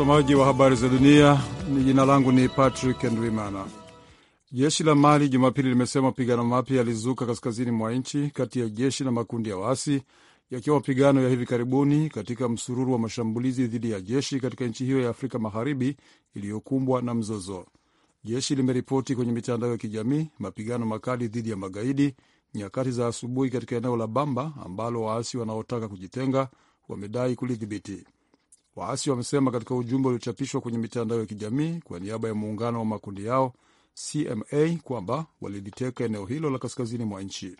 Msomaji wa habari za dunia ni jina langu ni Patrick Ndwimana. Jeshi la Mali Jumapili limesema mapigano mapya yalizuka kaskazini mwa nchi kati ya jeshi na makundi ya waasi, yakiwa mapigano ya hivi karibuni katika msururu wa mashambulizi dhidi ya jeshi katika nchi hiyo ya Afrika Magharibi iliyokumbwa na mzozo. Jeshi limeripoti kwenye mitandao ya kijamii mapigano makali dhidi ya magaidi nyakati za asubuhi katika eneo la Bamba ambalo waasi wanaotaka kujitenga wamedai kulidhibiti. Waasi wamesema katika ujumbe uliochapishwa kwenye mitandao ya kijamii kwa niaba ya muungano wa makundi yao CMA kwamba waliliteka eneo hilo la kaskazini mwa nchi.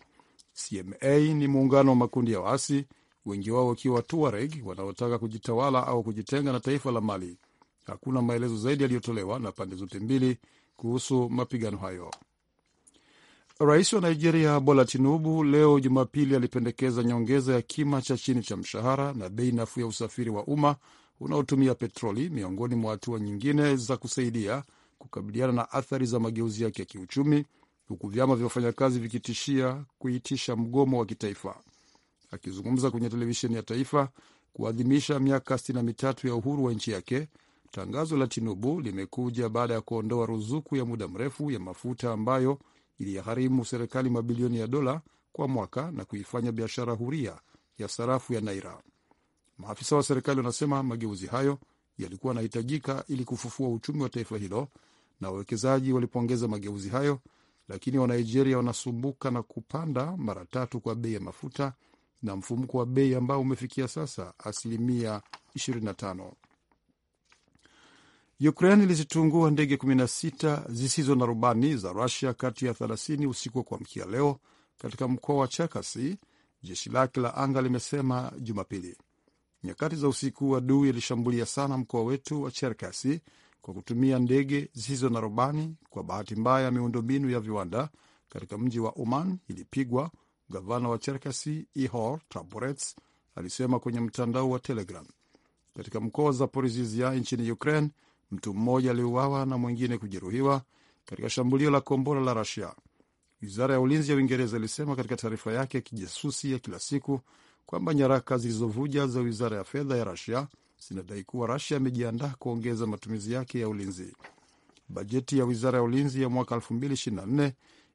CMA ni muungano wa makundi ya waasi, wengi wao wakiwa Tuareg wanaotaka kujitawala au kujitenga na taifa la Mali. Hakuna maelezo zaidi yaliyotolewa na pande zote mbili kuhusu mapigano hayo. Rais wa Nigeria Bola Tinubu leo Jumapili alipendekeza nyongeza ya kima cha chini cha mshahara na bei nafuu ya usafiri wa umma unaotumia petroli, miongoni mwa hatua nyingine za kusaidia kukabiliana na athari za mageuzi yake ya kiuchumi, huku vyama vya wafanyakazi vikitishia kuitisha mgomo wa kitaifa. Akizungumza kwenye televisheni ya taifa kuadhimisha miaka sitini na mitatu ya uhuru wa nchi yake, tangazo la Tinubu limekuja baada ya kuondoa ruzuku ya muda mrefu ya mafuta ambayo iligharimu serikali mabilioni ya dola kwa mwaka na kuifanya biashara huria ya sarafu ya naira. Maafisa wa serikali wanasema mageuzi hayo yalikuwa yanahitajika ili kufufua uchumi wa taifa hilo, na wawekezaji walipongeza mageuzi hayo, lakini Wanigeria wanasumbuka na kupanda mara tatu kwa bei ya mafuta na mfumuko wa bei ambao umefikia sasa asilimia 25. Ukraine ilizitungua ndege 16 zisizo na rubani za Rusia kati ya 30 usiku wa kuamkia leo katika mkoa wa Chakasi, jeshi lake la anga limesema Jumapili. Nyakati za usiku, adui alishambulia sana mkoa wetu wa Cherkasi kwa kutumia ndege zisizo na rubani. Kwa bahati mbaya, miundombinu ya viwanda katika mji wa Uman ilipigwa, gavana wa Cherkasi Ihor taborets alisema kwenye mtandao wa Telegram. Katika mkoa wa Zaporizhia nchini Ukraine, mtu mmoja aliuawa na mwingine kujeruhiwa katika shambulio la kombora la Rasia. Wizara ya ulinzi ya Uingereza ilisema katika taarifa yake ya kijasusi ya kila siku kwamba nyaraka zilizovuja za wizara ya fedha ya Rusia zinadai kuwa Rusia imejiandaa kuongeza matumizi yake ya ulinzi. Bajeti ya wizara ya ulinzi ya mwaka 2024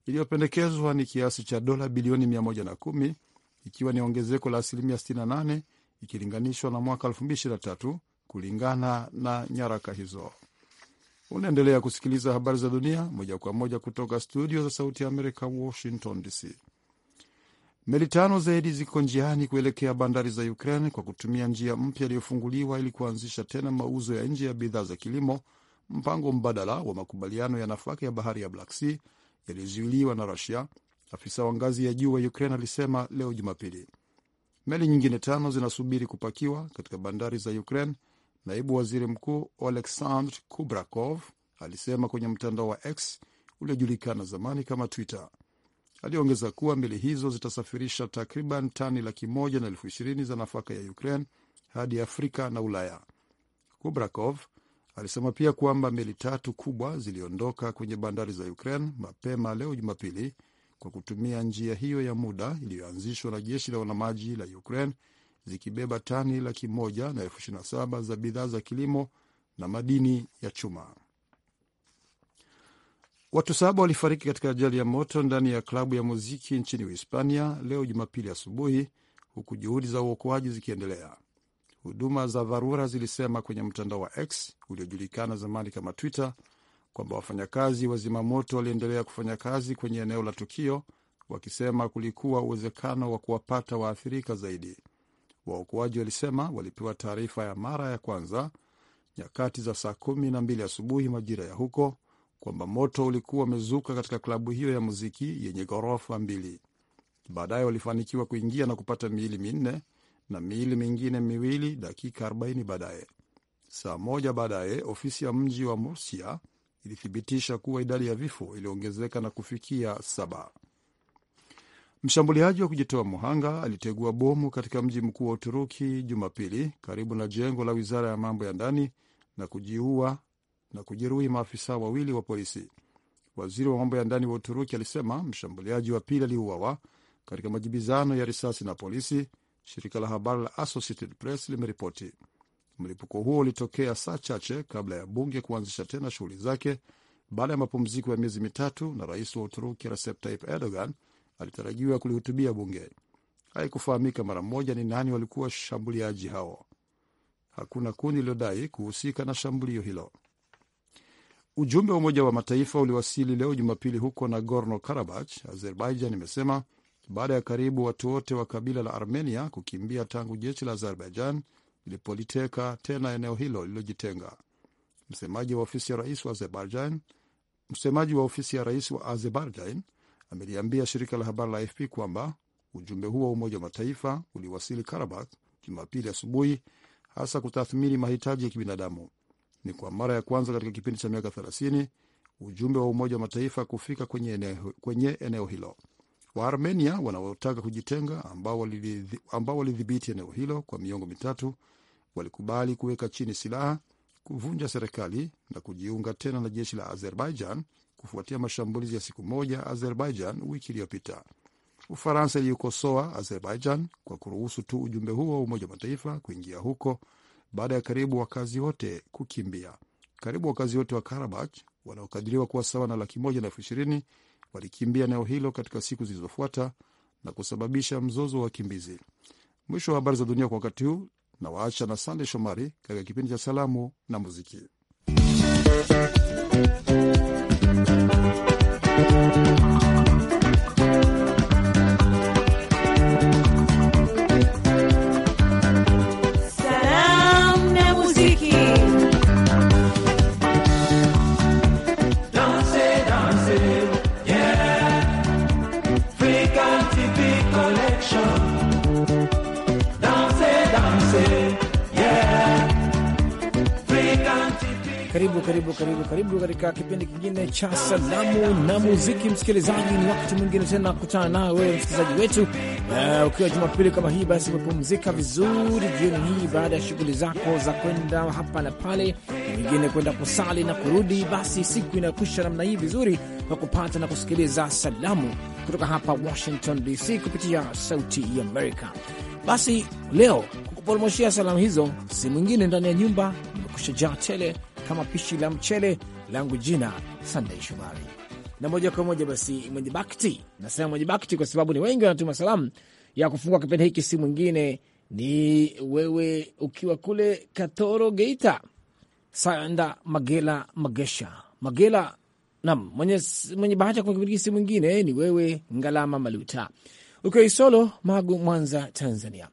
iliyopendekezwa ni kiasi cha dola bilioni 110 ikiwa ni ongezeko la asilimia 68 ikilinganishwa na mwaka 2023 kulingana na nyaraka hizo. Unaendelea kusikiliza habari za dunia moja kwa moja kutoka studio za Sauti ya Amerika, Washington DC. Meli tano zaidi ziko njiani kuelekea bandari za Ukraine kwa kutumia njia mpya iliyofunguliwa ili kuanzisha tena mauzo ya nje ya bidhaa za kilimo, mpango mbadala wa makubaliano ya nafaka ya bahari ya Black Sea yaliyozuiliwa na Rusia, afisa wa ngazi ya juu wa Ukraine alisema leo Jumapili. Meli nyingine tano zinasubiri kupakiwa katika bandari za Ukraine, naibu waziri mkuu Oleksandr Kubrakov alisema kwenye mtandao wa X uliojulikana zamani kama Twitter. Aliongeza kuwa meli hizo zitasafirisha takriban tani laki moja na elfu ishirini za nafaka ya Ukraine hadi Afrika na Ulaya. Kubrakov alisema pia kwamba meli tatu kubwa ziliondoka kwenye bandari za Ukraine mapema leo Jumapili kwa kutumia njia hiyo ya muda iliyoanzishwa na jeshi la wanamaji la Ukraine zikibeba tani laki moja na elfu ishirini na saba za bidhaa za kilimo na madini ya chuma. Watu saba walifariki katika ajali ya moto ndani ya klabu ya muziki nchini Uhispania leo Jumapili asubuhi, huku juhudi za uokoaji zikiendelea. Huduma za dharura zilisema kwenye mtandao wa X uliojulikana zamani kama Twitter kwamba wafanyakazi wa zimamoto waliendelea kufanya kazi kwenye eneo la tukio, wakisema kulikuwa uwezekano wa kuwapata waathirika zaidi. Waokoaji walisema walipewa taarifa ya mara ya kwanza nyakati za saa kumi na mbili asubuhi majira ya huko kwamba moto ulikuwa umezuka katika klabu hiyo ya muziki yenye ghorofa mbili. Baadaye walifanikiwa kuingia na kupata miili minne na miili mingine miwili dakika 40 baadaye. Saa moja baadaye, ofisi ya mji wa Mursia ilithibitisha kuwa idadi ya vifo iliongezeka na kufikia saba. Mshambuliaji wa kujitoa muhanga alitegua bomu katika mji mkuu wa Uturuki Jumapili, karibu na jengo la wizara ya mambo ya ndani na kujiua na kujeruhi maafisa wawili wa polisi. Waziri wa mambo ya ndani wa Uturuki alisema mshambuliaji wa pili aliuawa katika majibizano ya risasi na polisi, shirika la habari la Associated Press limeripoti. Mlipuko huo ulitokea saa chache kabla ya bunge kuanzisha tena shughuli zake baada ya mapumziko ya miezi mitatu, na rais wa Uturuki Recep Tayyip Erdogan alitarajiwa kulihutubia bunge. Haikufahamika mara moja ni nani walikuwa washambuliaji hao. Hakuna kundi lililodai kuhusika na shambulio hilo. Ujumbe wa Umoja wa Mataifa uliwasili leo Jumapili huko Nagorno Karabach, Azerbaijan imesema baada ya karibu watu wote wa kabila la Armenia kukimbia tangu jeshi la Azerbaijan lilipoliteka tena eneo hilo lililojitenga. Msemaji wa ofisi ya rais wa Azerbaijan, msemaji wa ofisi ya rais wa Azerbaijan ameliambia shirika la habari la AFP kwamba ujumbe huo wa Umoja wa Mataifa uliwasili Karabakh Jumapili asubuhi, hasa kutathmini mahitaji ya kibinadamu. Ni kwa mara ya kwanza katika kipindi cha miaka 30 ujumbe wa Umoja wa Mataifa kufika kwenye eneo, kwenye eneo hilo. Waarmenia wanaotaka kujitenga ambao walidhibiti eneo hilo kwa miongo mitatu walikubali kuweka chini silaha, kuvunja serikali na kujiunga tena na jeshi la Azerbaijan kufuatia mashambulizi ya siku moja Azerbaijan wiki iliyopita. Ufaransa iliyokosoa Azerbaijan kwa kuruhusu tu ujumbe huo wa Umoja wa Mataifa kuingia huko baada ya karibu wakazi wote kukimbia. Karibu wakazi wote wa Karabach wanaokadiriwa kuwa sawa na laki moja na elfu ishirini walikimbia eneo hilo katika siku zilizofuata na kusababisha mzozo wa wakimbizi. Mwisho wa habari za dunia kwa wakati huu, na waacha na Sande Shomari katika kipindi cha salamu na muziki. karibu karibu karibu katika kipindi kingine cha salamu na muziki. Msikilizaji, ni wakati mwingine tena kukutana nawe wewe msikilizaji wetu. Uh, ukiwa Jumapili kama hii, basi umepumzika vizuri jioni hii baada ya shughuli zako za kwenda hapa na pale, wengine kwenda kusali na kurudi, basi siku inakwisha namna hii vizuri kwa kupata na kusikiliza salamu kutoka hapa Washington DC kupitia Sauti ya Amerika. Basi leo kukuporomoshia salamu hizo si mwingine ndani ya nyumba nimekusha jaa tele kama pishi la mchele langu. Jina Sandei shumari na moja kwa moja basi mwenye bakti, nasema mwenye bakti kwa sababu ni wengi wanatuma salamu ya kufungua kipindi hiki, si mwingine ni wewe ukiwa kule Katoro, Geita, Sanda Magela Magesha Magela. nam mwenye, mwenye bahati ya kipindi hiki si mwingine ni wewe Ngalama Maluta ukiwa Isolo, Magu, Mwanza, Tanzania.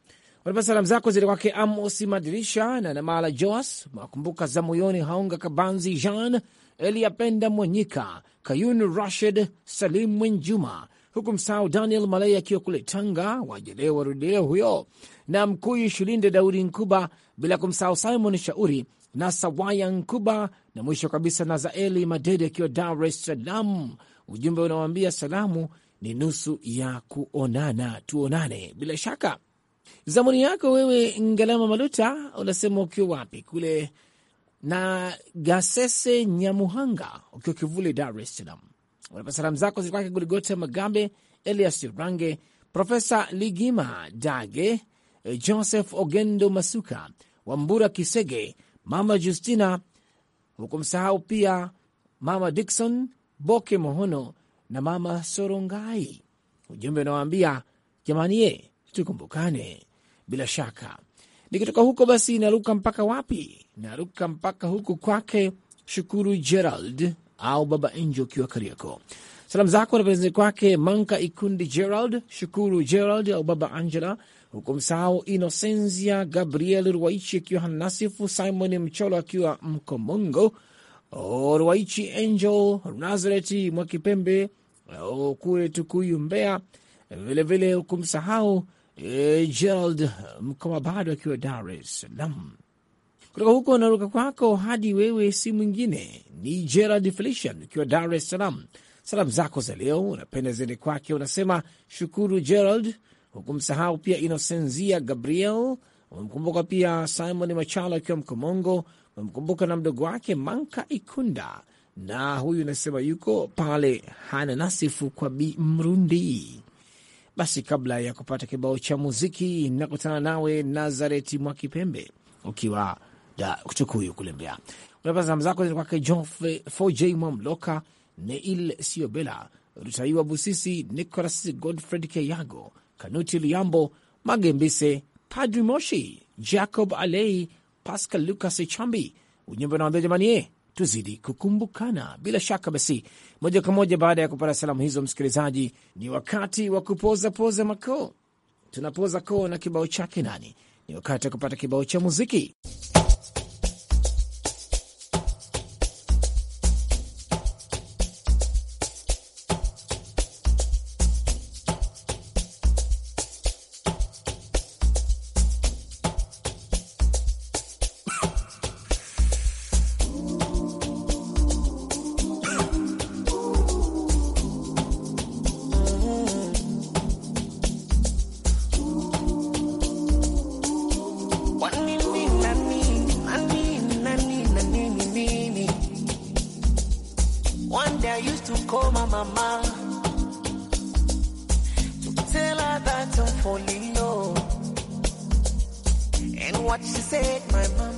Unapata salamu zako zile kwake Amosi Madirisha na Namala Joas, makumbuka za moyoni, Haunga Kabanzi, Jean Eliapenda Mwenyika Kayun Rashid, Salim Mwenjuma, huku msahau Daniel Malai akiwa kule Tanga, wajelewa warudeleo huyo na Mkuyu Shulinde Daudi Nkuba, bila kumsahau Simon Shauri na Sawaya Nkuba, na mwisho kabisa na Zaeli Madede akiwa Dar es Salaam. Ujumbe unawambia salamu ni nusu ya kuonana, tuonane bila shaka Zamuni yako wewe Ngalama Maluta, unasema ukiwa wapi kule na Gasese Nyamuhanga, ukiwa Kivule, Dar es Salaam. Unapa salamu zako zikwake guligote Magabe, Elias Irange, Profesa Ligima Dage, Joseph Ogendo Masuka, Wambura Kisege, Mama Justina, hukumsahau pia Mama Dikson Boke Mohono na Mama Sorongai. Ujumbe unawaambia jamani, tukumbukane. Bila shaka nikitoka huko basi naruka mpaka wapi? Naruka mpaka huku kwake Shukuru Gerald au Baba Enjo ukiwa Kariako. Salamu zako na penzi kwake Manka Ikundi Gerald, Shukuru Gerald au Baba Angela huku msahau Inosenzia Gabriel Ruwaichi akiwa Hanasifu, Simon Mcholo akiwa Mkomongo, Ruwaichi Angel Nazareti Mwakipembe kule Tukuyu, Mbeya vilevile huku msahau Eh, Gerald Gerald bado akiwa Dar es Salaam. Kutoka huko naruka kwako hadi wewe, si mwingine ni Gerald Felician ukiwa Dar es Salaam. Salamu zako za leo unapenda zende kwake, unasema shukuru Gerald, hukumsahau pia Inosenzia Gabriel, umemkumbuka pia Simon machalo akiwa Mkomongo, umemkumbuka na mdogo wake Manka Ikunda na huyu unasema yuko pale hana nasifu kwa Bi Mrundi basi kabla ya kupata kibao cha muziki, nakutana nawe Nazareti Mwakipembe ukiwa da kulembea unapata zamu zako kwake J Mwamloka, Neil Siobela, Rutaiwa Busisi, Nicolas Godfred Keyago, Kanuti Liambo, Magembise, Padri Moshi, Jacob Alei, Pascal Lucas Chambi. Ujumbe unawambia jamani, ye eh, tuzidi kukumbukana. Bila shaka basi, moja kwa moja baada ya kupata salamu hizo, msikilizaji, ni wakati wa kupoza poza makoo. Tunapoza koo na kibao chake nani? Ni wakati wa kupata kibao cha muziki. what she said, my mom.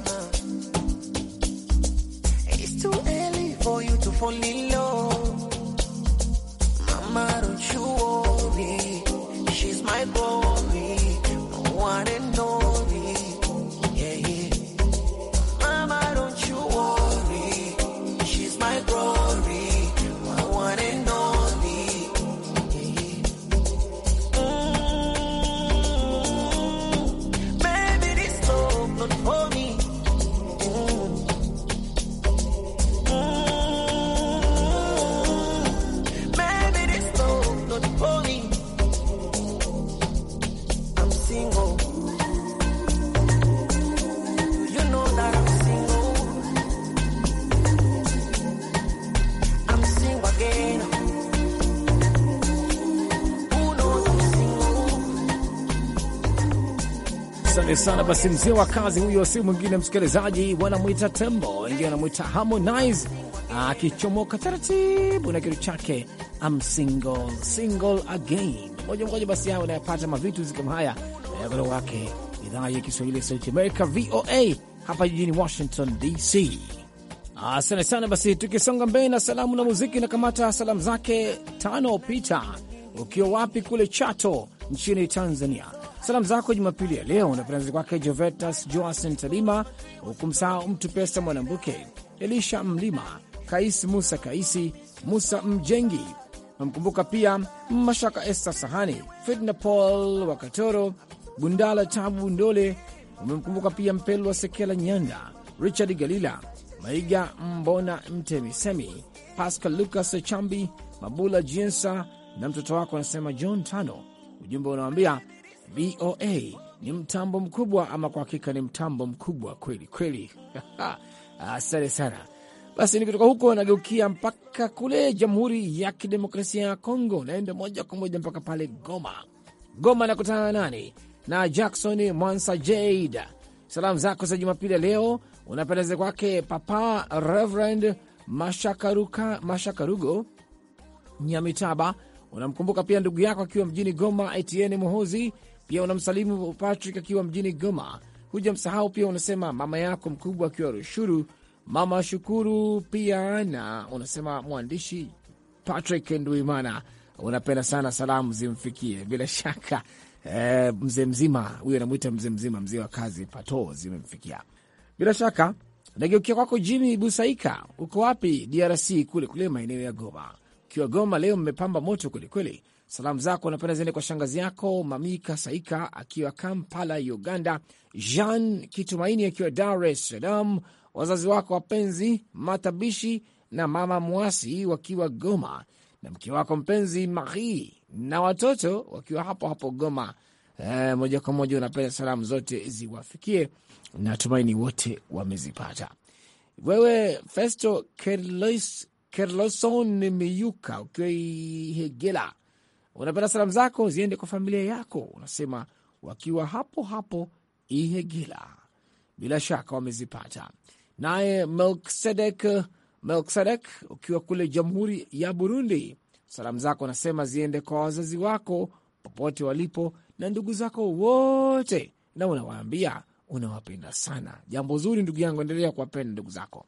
Asante sana basi, mzee wa kazi huyo, si mwingine msikilizaji, wanamwita Tembo, wengine wanamwita Harmonize, akichomoka taratibu na kitu chake I'm single, single again. Moja moja basi, hao unayapata mavitu kama haya kutoka wake idhaa ya Kiswahili ya Sauti Amerika, VOA hapa jijini Washington DC. Asante sana basi, tukisonga mbele na salamu na muziki, na kamata salamu zake tano pita, ukiwa wapi? Kule Chato nchini Tanzania Salamu zako Jumapili ya leo unapenazi kwake Jovetas Joasen talima huku msahau mtu pesa Mwanambuke, Elisha Mlima, Kais Musa Kaisi, Musa Mjengi. Namkumbuka pia Mashaka Esta Sahani, Fitna Paul Wakatoro, Bundala Tabu Ndole. Umemkumbuka pia Mpelwa Sekela Nyanda, Richard Galila, Maiga Mbona Mtemisemi, Pascal Lucas Chambi, Mabula Jiensa na mtoto wako anasema John Tano. Ujumbe unawambia VOA ni mtambo mkubwa, ama kwa hakika ni mtambo mkubwa kweli kweli. Asante sana. Basi nikitoka huko nageukia mpaka kule Jamhuri ya Kidemokrasia ya Kongo, naenda moja kwa moja mpaka pale Goma. Goma nakutana nani? Na Jackson Mwansa Jada. Salamu zako za Jumapili leo unapendeza kwake Papa Reverend Mashakaruka, Mashakarugo Nyamitaba. Unamkumbuka pia ndugu yako akiwa mjini Goma, Etienne Mohozi pia unamsalimu Patrick akiwa mjini Goma, huja msahau pia unasema mama yako mkubwa akiwa Rushuru, mama Shukuru pia na unasema mwandishi Patrick Nduimana, unapenda sana salamu zimfikie bila shaka. E, mzee mzima huyo anamwita mzee mzima, mzee wa kazi pato zimemfikia bila shaka. Nageukia kwako Jimi Busaika, uko wapi? DRC kule kule maeneo ya Goma. Ukiwa Goma leo mmepamba moto kwelikweli, kweli. Salamu zako napenda ziende kwa shangazi yako Mamika Saika akiwa Kampala, Uganda, Jean Kitumaini akiwa Dar es Salaam, wazazi wako wapenzi Matabishi na mama Mwasi wakiwa Goma, na mke wako mpenzi Marie na watoto wakiwa hapo hapo Goma. E, moja kwa moja unapenda salamu zote ziwafikie, natumaini wote wamezipata. Wewe Festo Kerloson Miyuka ukiwa Hegela Unapenda salamu zako ziende kwa familia yako, unasema wakiwa hapo hapo Ihegila. Bila shaka wamezipata. Naye Melksedek Melkisedek, ukiwa kule Jamhuri ya Burundi, salamu zako anasema ziende kwa wazazi wako popote walipo na ndugu zako wote, na unawaambia unawapenda sana. Jambo zuri, ndugu yangu, endelea kuwapenda ndugu zako.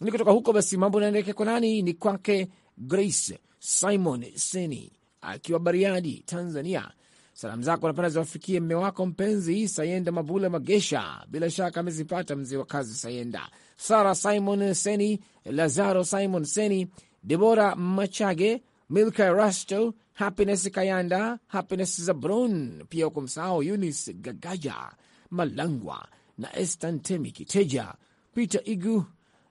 Ni kutoka huko basi, mambo naendeke kwa nani? Ni kwake Grace Simon Seni akiwa Bariadi, Tanzania. Salamu zako napenda ziwafikie mme wako mpenzi Sayenda Mabule Magesha, bila shaka amezipata mzee wa kazi Sayenda, Sara Simon Seni, Lazaro Simon Seni, Debora Machage, Milka Rasto, Happiness Kayanda, Happiness Zabron, pia huko msahau Yunis Gagaja Malangwa na Estantemi Kiteja, Peter Igu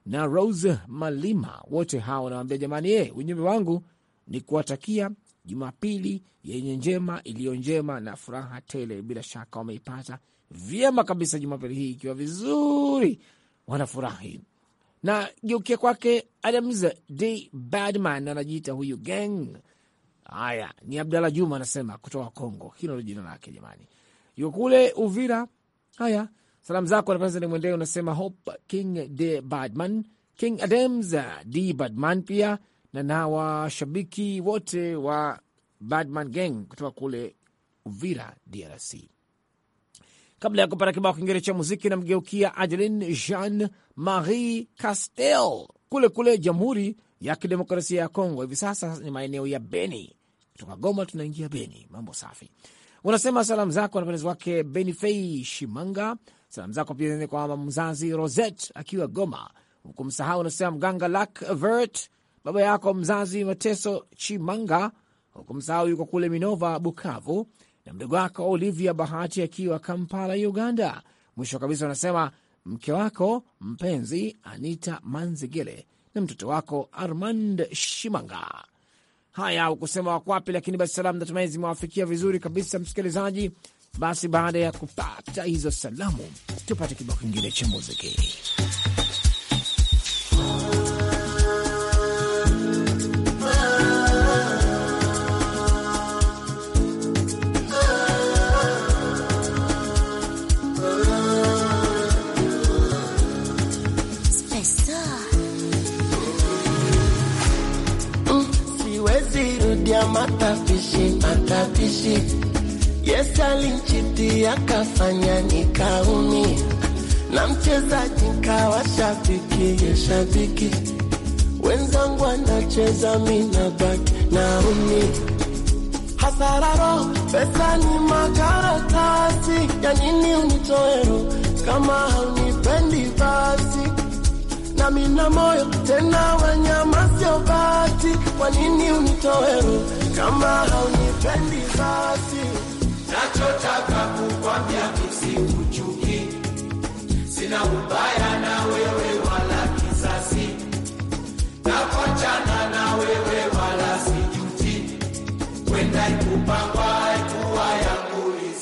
na Rose Malima, wote hawa nawambia, jamani, ye, eh, unyumbe wangu ni kuwatakia Jumapili yenye njema iliyo njema na furaha tele. Bila shaka wameipata vyema kabisa Jumapili hii ikiwa vizuri, wanafurahi na geukia kwake Adams D Badman anajiita huyu gang. Haya, ni Abdalla Juma anasema kutoka Kongo, hilo ndio jina lake jamani, yuko kule Uvira. Haya, salamu zako napenza ni mwendee, unasema Hope King D Badman, King Adams D Badman pia na na washabiki wote wa Badman Gang kutoka kule Uvira, DRC. Kabla ya kupata kibao kingine cha muziki, namgeukia Adeline Jean Marie Castel kule kule Jamhuri ya Kidemokrasia ya Kongo. Hivi sasa ni maeneo ya Beni. Kutoka Goma tunaingia Beni. Mambo safi. Unasema salamu zako na pendezi wake Benifei Shimanga. Salamu zako pia kwa mama mzazi Rosette akiwa Goma, hukumsahau. Unasema mganga Lak Vert baba yako mzazi Mateso Chimanga, huku msahau yuko kule Minova, Bukavu, na mdogo wako Olivia Bahati akiwa Kampala, Uganda. Mwisho kabisa wanasema mke wako mpenzi Anita Manzigele na mtoto wako Armand Shimanga. Haya, ukusema wakwapi, lakini basi salamu natumai zimewafikia vizuri kabisa, msikilizaji. Basi baada ya kupata hizo salamu, tupate kibao kingine cha muziki. matapishi matapishi, Yesu alinchitia kafanya nikaumi, na mchezaji nkawa shabiki ya shabiki, wenzangu anacheza mina baki hasararo pesa ni makaratasi, ya nini unitoero kama haunipendi basi Mina moyo tena wanyama sio bati, kwa nini unitoero kama haunipendi basi, nachotaka kukwambia nisikuchuki, sina ubaya na wewe wala kisasi, nakwachana na wewe wala sijuti, kwenda ikupangwa haikuwa ya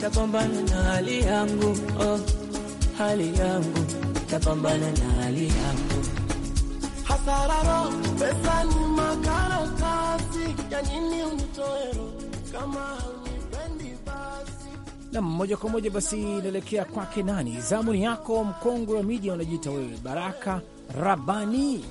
tapambana na hali yangu, oh, hali yangu, tapambana na hali yangu. Hasararo pesa ni makara kazi ya nini unitoero kama na moja kwa moja basi inaelekea kwake nani. Zamu yako, mkongwe wa miji unajiita wewe, Baraka Rabani.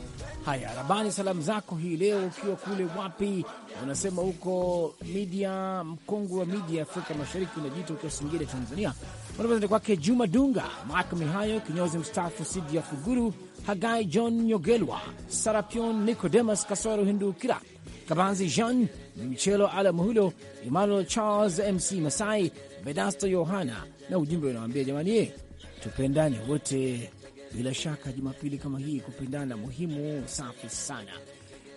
Haya, Rabani, salamu zako hii leo ukiwa kule wapi? Unasema huko media mkongwe wa media Afrika Mashariki, unajita ukiwa Singida, Tanzania. Unaezende kwake Juma Dunga, Mark Mihayo kinyozi mstaafu, Sidia Fuguru, Hagai John Nyogelwa, Sarapion Nicodemus Kasoro, Hindukira Kabanzi, Jean Michelo, Ala Muhulo, Emmanuel Charles, MC Masai, Vedasto Yohana, na ujumbe unawambia jamani, tupendane wote bila shaka Jumapili kama hii kupendana muhimu. Safi sana.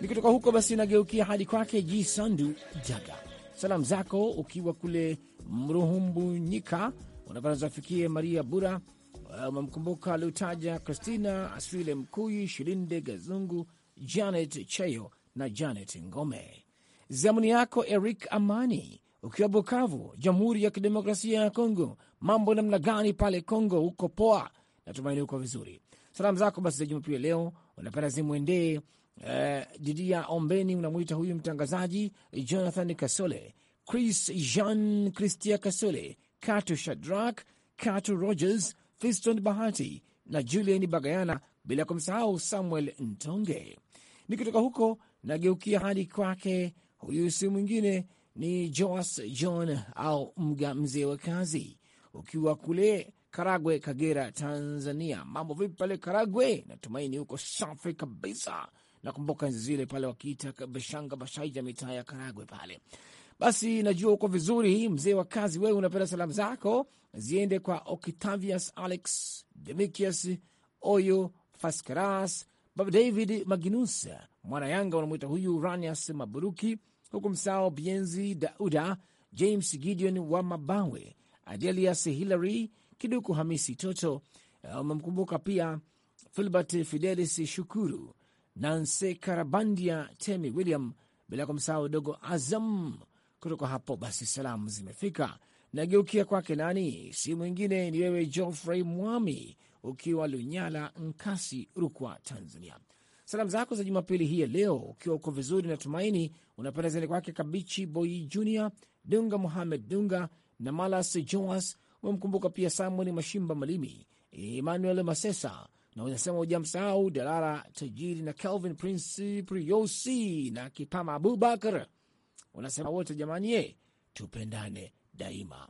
Nikitoka huko basi, nageukia hadi kwake Ji Sandu Jaga. Salamu zako ukiwa kule Mruhumbunyika unapata zafikie Maria Bura, uh, umemkumbuka Lutaja Kristina Aswile Mkuyi, Shilinde Gazungu, Janet Cheyo na Janet Ngome. Zamuni yako Eric Amani ukiwa Bukavu, Jamhuri ya Kidemokrasia ya Kongo. Mambo namna gani pale Kongo? Huko poa natumaini uko vizuri. Salamu zako basi za Jumapili leo unapenda zimwendee uh, eh, Didia Ombeni, unamwita huyu mtangazaji Jonathan Kasole, Chris Jean Christia Kasole, Kato Shadrak, Kato Rogers, Fiston Bahati na Julian Bagayana, bila kumsahau Samuel Ntonge. Nikitoka huko nageukia hadi kwake huyu, si mwingine ni Joas John au Mga, mzee wa kazi, ukiwa kule Karagwe, Kagera, Tanzania. Mambo vipi pale Karagwe? Natumaini huko safi kabisa. Nakumbuka enzi zile pale wakiita bashanga bashaija mitaa ya Karagwe pale. Basi najua uko vizuri, mzee wa kazi. Wewe unapenda salamu zako ziende kwa Octavius Alex Demikius Oyo Faskaras, Baba David Maginus mwana Yanga unamwita huyu Ranias Maburuki, huku msao Bienzi Dauda, James Gideon wa Mabawe, Adelias Hilary Kiduku Hamisi Toto eh, umemkumbuka uh, pia Filbert Fidelis Shukuru, Nanse Karabandia, Temi William, bila kumsahau dogo Azam. Kutoka hapo basi salamu zimefika. Nageukia kwake nani, si mwingine ni wewe Geoffrey Mwami, ukiwa Lunyala Nkasi, Rukwa, Tanzania. Salamu zako za Jumapili hii ya leo, ukiwa uko vizuri na tumaini, unapenda zani kwake Kabichi Boyi Junior Dunga, Muhamed Dunga na Malas Joas umemkumbuka pia Samuel Mashimba Malimi, Emmanuel Masesa na unasema ujamsahau Dalara Tajiri na Calvin Prince Priosi na Kipama Abubakar. Unasema wote jamani, ye tupendane daima.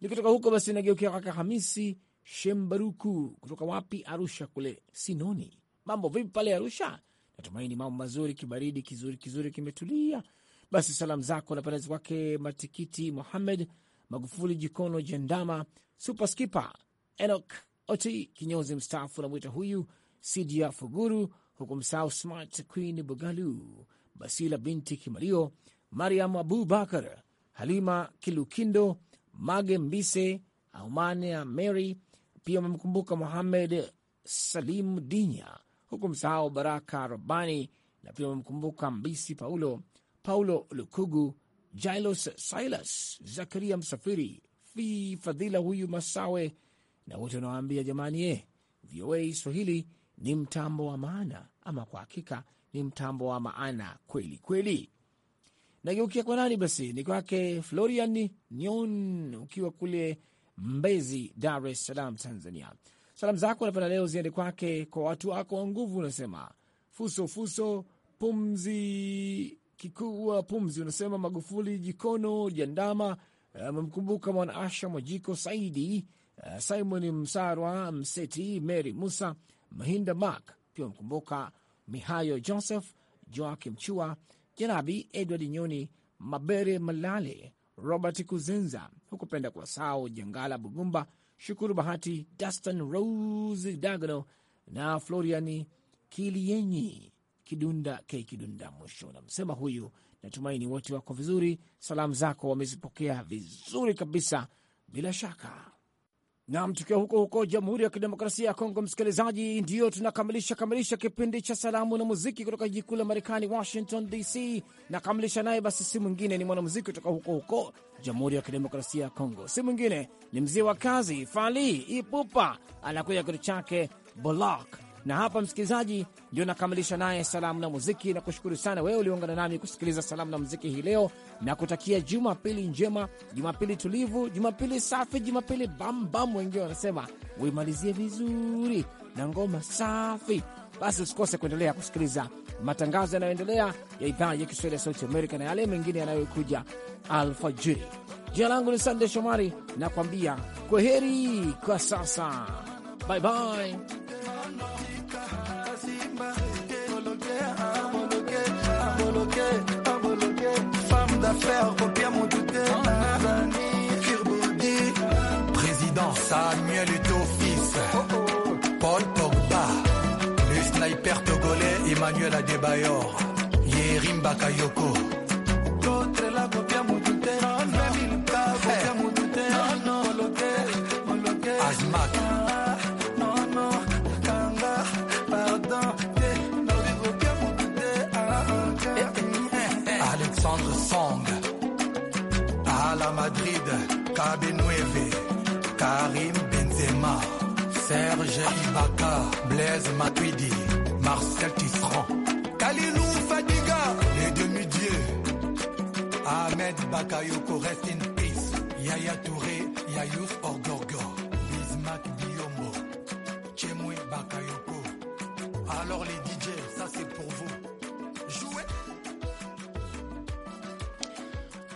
Nikitoka huko basi, nageukia kaka Hamisi Shembaruku kutoka wapi? Arusha kule Sinoni. Mambo vipi pale Arusha? Natumaini mambo mazuri, kibaridi kizuri kizuri kimetulia. Basi salamu zako na pendezi kwake Matikiti Muhamed Magufuli Jikono Jendama, Superskipa Enok Oti kinyozi mstaafu na mwita huyu Sidia Fuguru, huku msahau Smart Queen Bugalu, Basila binti Kimario, Mariam Abubakar, Halima Kilukindo, Mage Mbise, Aumania Mary. Pia wamemkumbuka Muhamed Salimu Dinya, huku msahau Baraka Robani, na pia wamemkumbuka Mbisi Paulo, Paulo Lukugu Jailos Silas, Zakaria Msafiri, Fi Fadhila huyu Masawe na wote wanawaambia jamani, eh, VOA Swahili ni mtambo wa maana, ama kwa hakika ni mtambo wa maana kweli kweli. Nageukia kwa nani basi? Ni kwake Florian Nyon, ukiwa kule Mbezi, Dar es Salaam, Tanzania. Salamu zako napenda leo ziende kwake, kwa watu wako wa nguvu. Unasema fuso fuso, pumzi kikuu wa pumzi unasema Magufuli Jikono Jandama eh, amemkumbuka uh, Mwanaasha Mwajiko Saidi uh, Simon Msarwa Mseti Mary Musa Mahinda Mak pia amemkumbuka Mihayo Joseph Joakim Chua Janabi Edward Nyoni Mabere Malale Robert Kuzenza hukupenda sao Jangala Bugumba Shukuru Bahati Dustin Rose Dagano na Floriani Kilienyi. Kidunda K Kidunda mwisho namsema huyu. Natumaini wote wako vizuri, salamu zako wamezipokea vizuri kabisa bila shaka. Nam, tukiwa huko huko Jamhuri ya Kidemokrasia ya Kongo, msikilizaji, ndiyo tunakamilisha kamilisha kipindi cha salamu na muziki kutoka jiji kuu la Marekani, Washington DC. Nakamilisha naye basi, si mwingine ni mwanamuziki kutoka huko huko Jamhuri ya Kidemokrasia ya Kongo, si mwingine ni mzee wa kazi Fali Ipupa, anakuja kitu chake Bolok na hapa msikilizaji, ndio nakamilisha naye salamu na muziki, na kushukuru sana wewe uliungana nami kusikiliza salamu na muziki hii leo, na kutakia jumapili njema, jumapili tulivu, jumapili safi, jumapili bambam, wengine wanasema uimalizie vizuri na ngoma safi. Basi usikose kuendelea kusikiliza matangazo yanayoendelea ya idhaa ya Kiswahili ya Sauti Amerika na yale mengine yanayokuja alfajiri. Jina langu ni Sande Shomari na kuambia kwaheri kwa sasa, bye bye. Samuel Utofis, Paul Pogba, le sniper togolais Emmanuel Adebayor, Yerim Bakayoko. Alexandre Song, à la Madrid, Cabe Karim Benzema, Serge Ibaka, Blaise Matuidi, Marcel Tisserand, Kalilou Fadiga, les demi-dieux, Ahmed Bakayoko, rest in peace, Yaya Touré, Yayous Orgorgor, Bismack Biombo, Chemwe Bakayoko. Alors les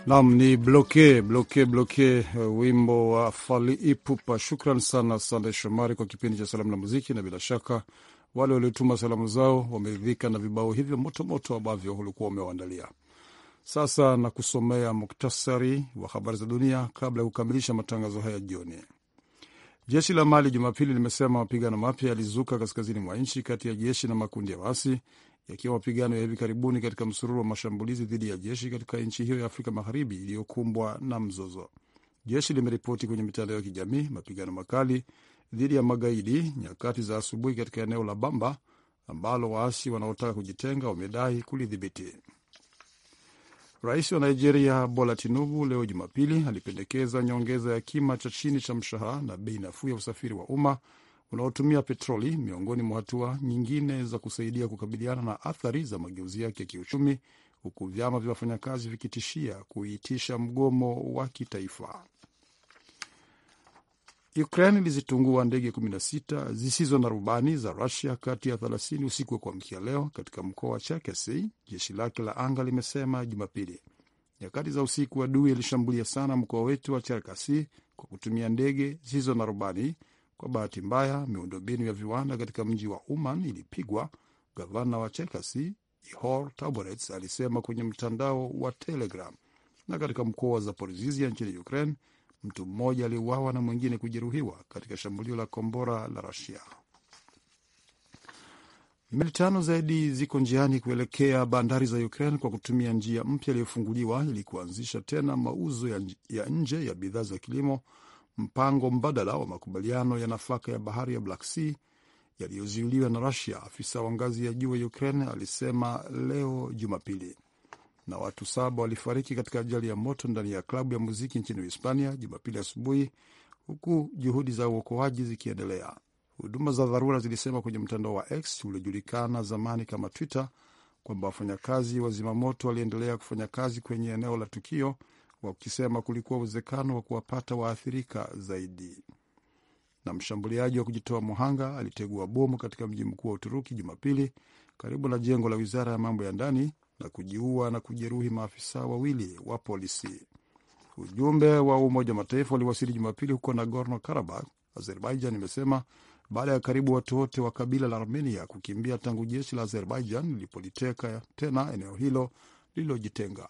Nam ni bloke bloke bloke, uh, wimbo wa fali Ipupa. Shukran sana Sande Shomari kwa kipindi cha salamu na muziki, na bila shaka wale waliotuma salamu zao wameridhika na vibao hivyo motomoto ambavyo ulikuwa umewaandalia. Sasa na kusomea muktasari wa habari za dunia kabla ya kukamilisha matangazo haya jioni. Jeshi la Mali Jumapili limesema mapigano mapya yalizuka kaskazini mwa nchi kati ya jeshi na makundi ya waasi yakiwa mapigano ya hivi karibuni katika msururu wa mashambulizi dhidi ya jeshi katika nchi hiyo ya Afrika Magharibi iliyokumbwa na mzozo. Jeshi limeripoti kwenye mitandao ya kijamii mapigano makali dhidi ya magaidi nyakati za asubuhi katika eneo la Bamba ambalo waasi wanaotaka kujitenga wamedai kulidhibiti. Rais wa Nigeria Bola Tinubu leo Jumapili alipendekeza nyongeza ya kima cha chini cha mshahara na bei nafuu ya usafiri wa umma unaotumia petroli, miongoni mwa hatua nyingine za kusaidia kukabiliana na athari za mageuzi yake ya kiuchumi, huku vyama vya wafanyakazi vikitishia kuitisha mgomo wa kitaifa. Ukraine ilizitungua ndege 16 zisizo na rubani za Rusia kati ya 30 usiku wa kuamkia leo katika mkoa wa Cherkasy, jeshi lake la anga limesema Jumapili. Nyakati za usiku, adui alishambulia sana mkoa wetu wa Cherkasy kwa kutumia ndege zisizo na rubani, kwa bahati mbaya, miundombinu ya viwanda katika mji wa Uman ilipigwa, gavana wa Chekasi Ihor Taborets alisema kwenye mtandao wa Telegram. Na katika mkoa wa Zaporizhia nchini Ukraine, mtu mmoja aliuawa na mwingine kujeruhiwa katika shambulio la kombora la Rusia. Meli tano zaidi ziko njiani kuelekea bandari za Ukraine kwa kutumia njia mpya iliyofunguliwa ili kuanzisha tena mauzo ya nje ya bidhaa za kilimo mpango mbadala wa makubaliano ya nafaka ya bahari ya Black Sea yaliyozuiliwa na Rusia, afisa wa ngazi ya juu wa Ukraine alisema leo Jumapili. Na watu saba walifariki katika ajali ya moto ndani ya klabu ya muziki nchini Hispania Jumapili asubuhi, huku juhudi za uokoaji zikiendelea. Huduma za dharura zilisema kwenye mtandao wa X uliojulikana zamani kama Twitter kwamba wafanyakazi wa zimamoto waliendelea kufanya kazi kwenye eneo la tukio wakisema kulikuwa uwezekano wa kuwapata waathirika zaidi. Na mshambuliaji wa kujitoa muhanga alitegua bomu katika mji mkuu wa Uturuki Jumapili karibu na jengo la wizara ya mambo ya ndani na kujiua na kujeruhi maafisa wawili wa polisi. Ujumbe wa Umoja Mataifa uliwasili Jumapili huko Nagorno Karabakh, Azerbaijan imesema baada ya karibu watu wote wa kabila la Armenia kukimbia tangu jeshi la Azerbaijan lilipoliteka tena eneo hilo lililojitenga.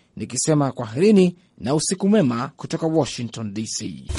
nikisema kwaherini na usiku mwema kutoka Washington DC.